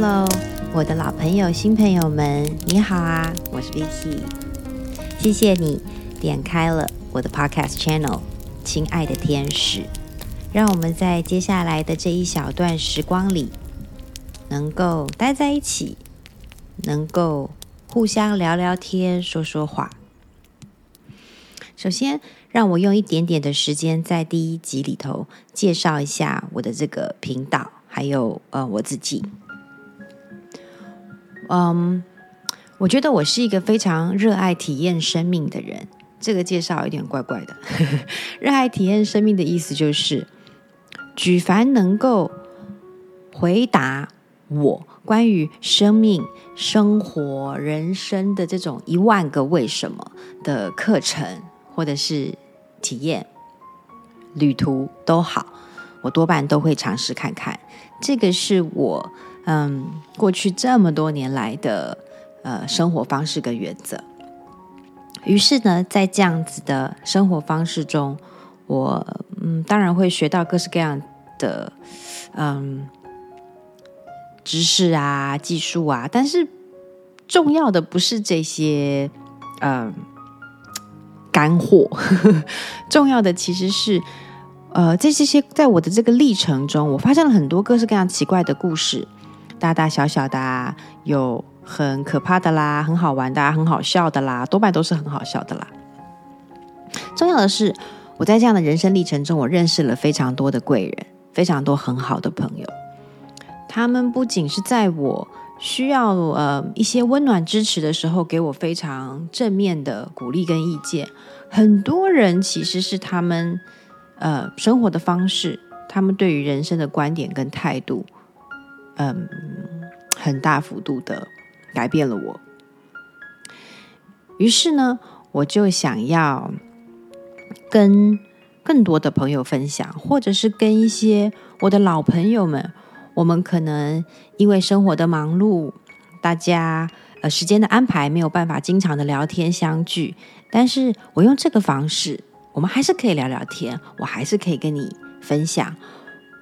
哈嘍，我的老朋友、新朋友們，你好啊！我是 Vicky，謝謝你點開了我的 Podcast Channel，親愛的天使，讓我們在接下來的這一小段時光裡，能夠待在一起，能夠互相聊聊天、說說話。首先，讓我用一點點的時間，在第一集裡頭介紹一下我的這個頻道，還有呃我自己。嗯，um，我覺得我是一個非常熱愛體驗生命的人。這個介紹有點怪怪的。 熱愛體驗生命的意思就是，舉凡能夠回答我關於生命、生活、人生的這種一萬個為什麼的課程，或者是體驗、旅途都好。我多半都會嘗試看看，這個是我嗯過去這麼多年來的呃生活方式跟原則。於是呢，在這樣子的生活方式中，我嗯當然會學到各式各樣的嗯知識啊、技術啊，但是重要的不是這些嗯乾貨，呃、 重要的其實是。呃，在這些在我的這個歷程中，我發現了很多各式各樣奇怪的故事，大大小小的啊，有很可怕的啦，很好玩的啦，啊，很好笑的啦，多半都是很好笑的啦。重要的是，我在這樣的人生歷程中，我認識了非常多的貴人，非常多很好的朋友。他們不僅是在我需要呃一些溫暖支持的時候，給我非常正面的鼓勵跟意見。很多人其實是他們。呃，生活的方式，他們對於人生的觀點跟態度，嗯、呃，很大幅度的改變了我。於是呢，我就想要跟更多的朋友分享，或者是跟一些我的老朋友們，我們可能因為生活的忙碌，大家呃時間的安排沒有辦法經常的聊天相聚，但是我用這個方式，我們還是可以聊聊天，我還是可以跟你分享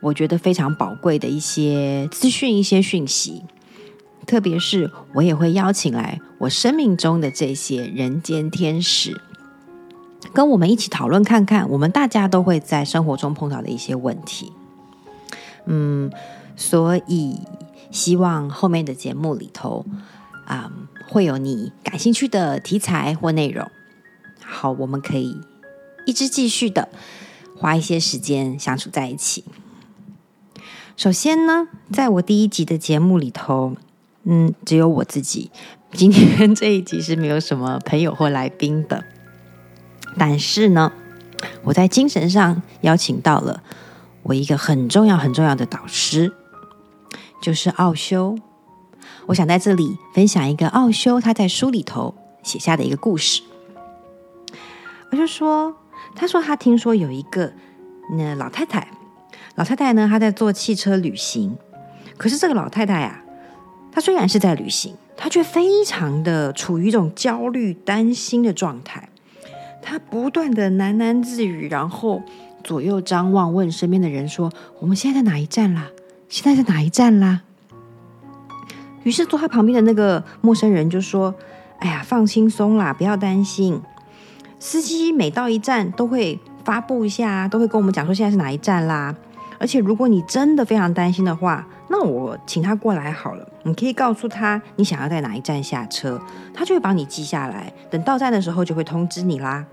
我覺得非常寶貴的一些資訊、一些訊息。特別是我也會邀請來我生命中的這些人間天使，跟我們一起討論看看我們大家都會在生活中碰到的一些問題。嗯，所以希望後面的節目裡頭，啊、嗯，會有你感興趣的題材或內容。好，我們可以。一直繼續的花一些時間相處在一起。首先呢，在我第一集的節目裡頭，嗯，只有我自己。今天這一集是沒有什麼朋友或來賓的，但是呢，我在精神上邀請到了我一個很重要、很重要的導師，就是奧修。我想在這裡分享一個奧修他在書裡頭寫下的一個故事，我就說。他說：“他聽說有一個，那老太太，老太太呢，她在坐汽車旅行，可是這個老太太呀、啊，她雖然是在旅行，她卻非常的處於一種焦慮、擔心的狀態。她不斷的喃喃自語，然後左右張望，問身邊的人說：‘我們現在在哪一站啦？現在在哪一站啦？’於是坐她旁邊的那個陌生人就說：‘哎呀，放輕鬆啦，不要擔心。’”司機每到一站都會發布一下，都會跟我們講說現在是哪一站啦。而且如果你真的非常擔心的話，那我請他過來好了。你可以告訴他你想要在哪一站下車，他就會幫你記下來。等到站的時候就會通知你啦，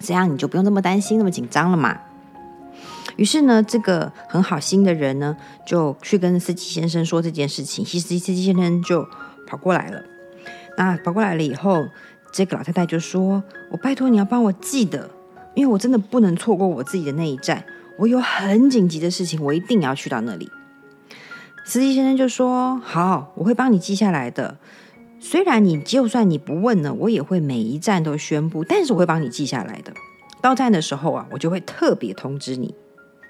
這樣你就不用那麼擔心、那麼緊張了嘛。於是呢，這個很好心的人呢，就去跟司機先生說這件事情。司機，司機先生就跑過來了。那跑過來了以後。這個老太太就說：“我拜托你要幫我記得，因為我真的不能錯過我自己的那一站。我有很緊急的事情，我一定要去到那裡。”司機先生就說：“好，我會幫你記下來的。雖然你就算你不問呢，我也會每一站都宣布，但是我會幫你記下來的。到站的時候啊，我就會特別通知你。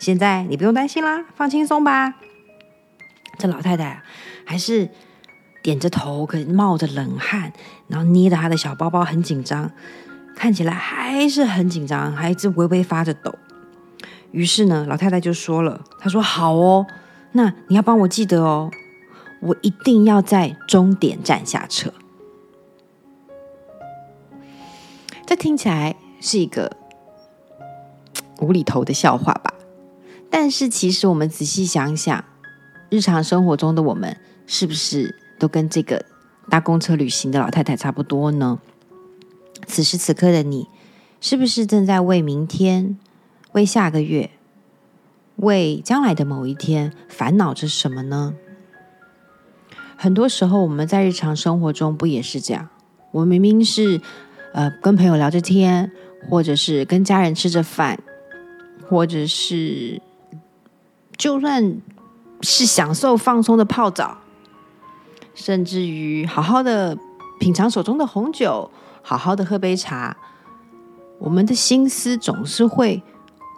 現在你不用擔心啦，放輕鬆吧。”這老太太啊，還是。點着頭，可冒着冷汗，然後捏着他的小包包，很緊張，看起來還是很緊張，還一直微微發着抖。於是呢，老太太就說了：“她說好哦，那你要幫我記得哦，我一定要在終點站下車。”這聽起來是一個無厘頭的笑話吧？但是其實我們仔細想一想，日常生活中的我們是不是？都跟這個搭公車旅行的老太太差不多呢。此時此刻的你，是不是正在為明天、為下個月、為將來的某一天煩惱着什麼呢？很多時候，我們在日常生活中不也是這樣？我明明是，呃，跟朋友聊着天，或者是跟家人吃着飯，或者是就算是享受放鬆的泡澡。甚至於好好的品嘗手中的紅酒，好好的喝杯茶，我們的心思總是會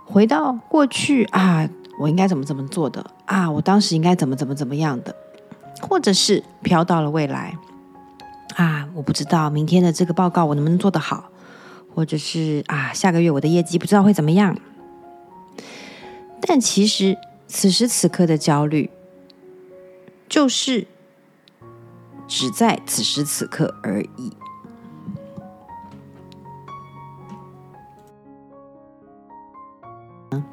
回到過去啊，我應該怎麼怎麼做的啊，我當時應該怎麼怎麼怎麼樣的，或者是飄到了未來啊，我不知道明天的這個報告我能不能做得好，或者是啊，下個月我的業績不知道會怎麼樣。但其實此時此刻的焦慮，就是。只在此時此刻而已。嗯。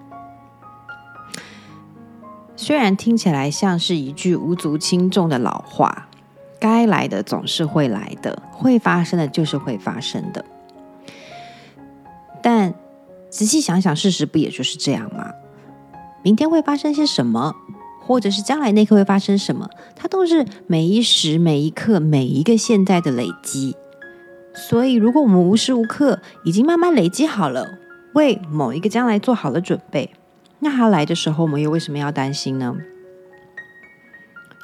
雖然聽起來像是一句無足輕重的老話，該來的總是會來的，會發生的就是會發生的。但仔細想想，事實不也就是這樣嗎？明天會發生些什麼？或者是將來那刻會發生什麼，它都是每一時每一刻、每一個現在的累積。所以，如果我們無時無刻已經慢慢累積好了，為某一個將來做好了準備，那它來的時候，我們又為什麼要擔心呢？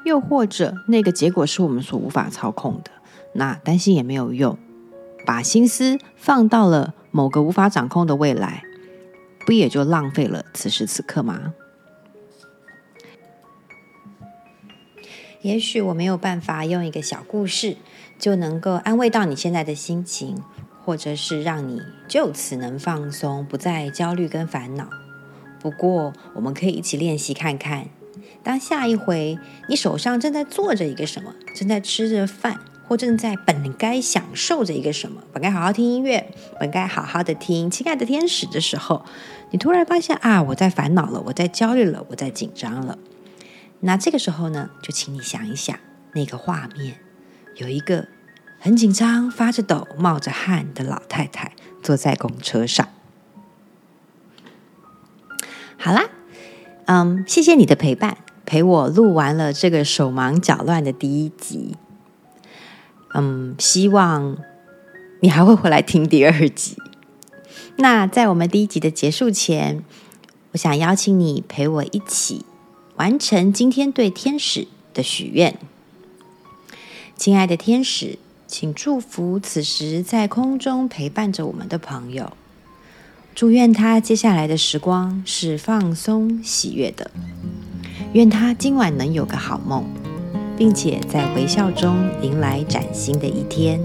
又或者那個結果是我們所無法操控的，那擔心也沒有用。把心思放到了某個無法掌控的未來，不也就浪費了此時此刻嗎？也許我沒有辦法用一個小故事就能夠安慰到你現在的心情，或者是讓你就此能放鬆，不再焦慮跟煩惱。不過，我們可以一起練習看看。當下一回，你手上正在做着一個什麼，正在吃着飯，或正在本該享受着一個什麼，本該好好聽音樂，本該好好的聽《親愛的天使》的時候，你突然發現啊，我在煩惱了，我在焦慮了，我在緊張了。那這個時候呢，就請你想一想那個畫面，有一個很緊張、發着抖、冒着汗的老太太坐在公車上。好啦，嗯，謝謝你的陪伴，陪我錄完了這個手忙腳亂的第一集。嗯，希望你還會回來聽第二集。那在我們第一集的結束前，我想邀請你陪我一起。完成今天對天使的許願，親愛的天使，請祝福此時在空中陪伴着我們的朋友，祝願他接下來的時光是放鬆喜悅的，願他今晚能有個好夢，並且在微笑中迎來嶄新的一天。